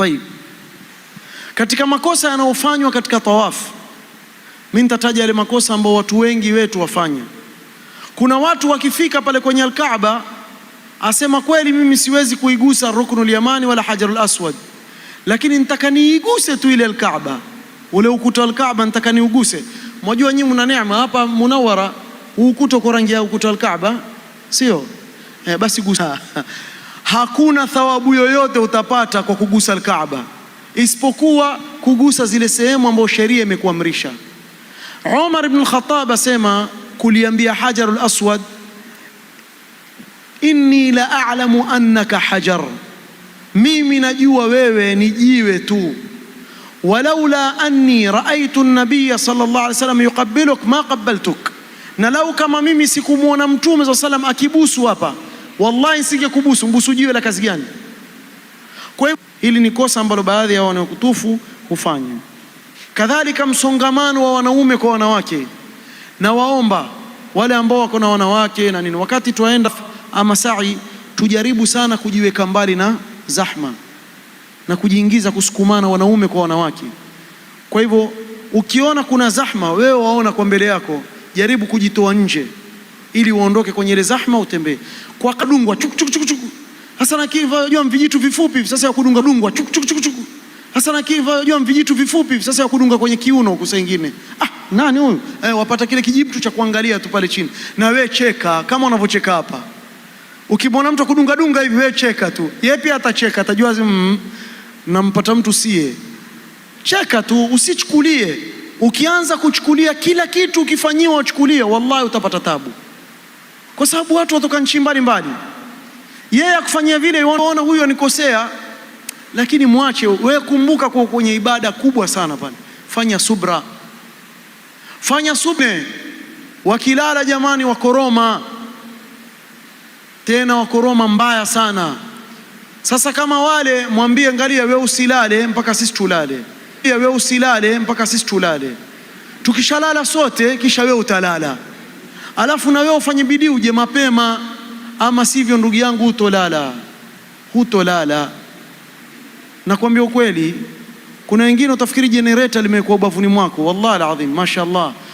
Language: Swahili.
Tayib, katika makosa yanayofanywa katika tawafu, mimi nitataja yale makosa ambayo watu wengi wetu wafanya. Kuna watu wakifika pale kwenye Alkaaba asema kweli, mimi siwezi kuigusa Ruknul Yamani wala Hajarul Aswad, lakini nitaka niiguse tu ile Alkaaba, ule ukuta wa Alkaaba nitaka niuguse. Mwajua nyinyi mna neema hapa Munawara, ukuta uko rangi ya ukuta wa Alkaaba, sio eh? Basi gusa hakuna thawabu yoyote utapata kwa kugusa Alkaaba isipokuwa kugusa zile sehemu ambazo sheria imekuamrisha. Umar ibn khattab asema kuliambia Hajarul Aswad, inni la a'lamu annaka hajar, mimi najua wewe ni jiwe tu. walaula anni raaitu an-nabiy sallallahu alayhi wasallam yuqabbiluk ma qabbaltuk, na lau kama mimi sikumwona mtume sallallahu alayhi wasallam akibusu hapa wallahi singekubusu mbusu jiwe la kazi gani? Kwa hiyo hili ni kosa ambalo baadhi ya wanakutufu hufanya. Kadhalika msongamano wa wanaume kwa wanawake, na waomba wale ambao wako na wanawake na nini, wakati twaenda ama sa'i, tujaribu sana kujiweka mbali na zahma na kujiingiza kusukumana wanaume kwa wanawake. Kwa hivyo ukiona kuna zahma, wewe waona kwa mbele yako, jaribu kujitoa nje ili uondoke kwenye ile zahma utembee. Kwa kadungwa chuk chuk chuk chuk. Hasa na kiva unajua mvijitu vifupi sasa ya kudunga dungwa chuk chuk chuk chuk. Hasa na kiva unajua mvijitu vifupi sasa ya kudunga kwenye kiuno huko sengine. Ah, nani huyu? Eh, wapata kile kijibu cha kuangalia tu pale chini. Na wewe cheka kama unavyocheka hapa. Ukimwona mtu kudunga dunga hivi wewe cheka tu. Yeye pia atacheka, atajua mm, nampata mtu sie. Cheka tu, usichukulie. Ukianza kuchukulia kila kitu ukifanyiwa uchukulie, wallahi utapata tabu kwa sababu watu watoka nchi mbalimbali. Yeye akufanyia vile, unaona huyo anikosea lakini mwache wewe. Kumbuka kwa kwenye ibada kubwa sana pale, fanya subra, fanya subra. Wakilala jamani, wakoroma tena, wakoroma mbaya sana. Sasa kama wale mwambie, angalia wewe usilale mpaka sisi tulale, wewe usilale mpaka sisi tulale. Tukishalala sote, kisha wewe utalala alafu na wewe ufanye bidii uje mapema, ama sivyo, ndugu yangu, hutolala, hutolala. Nakwambia ukweli, kuna wengine utafikiri jenereta limekuwa ubavuni mwako, wallahi alazim, mashaallah.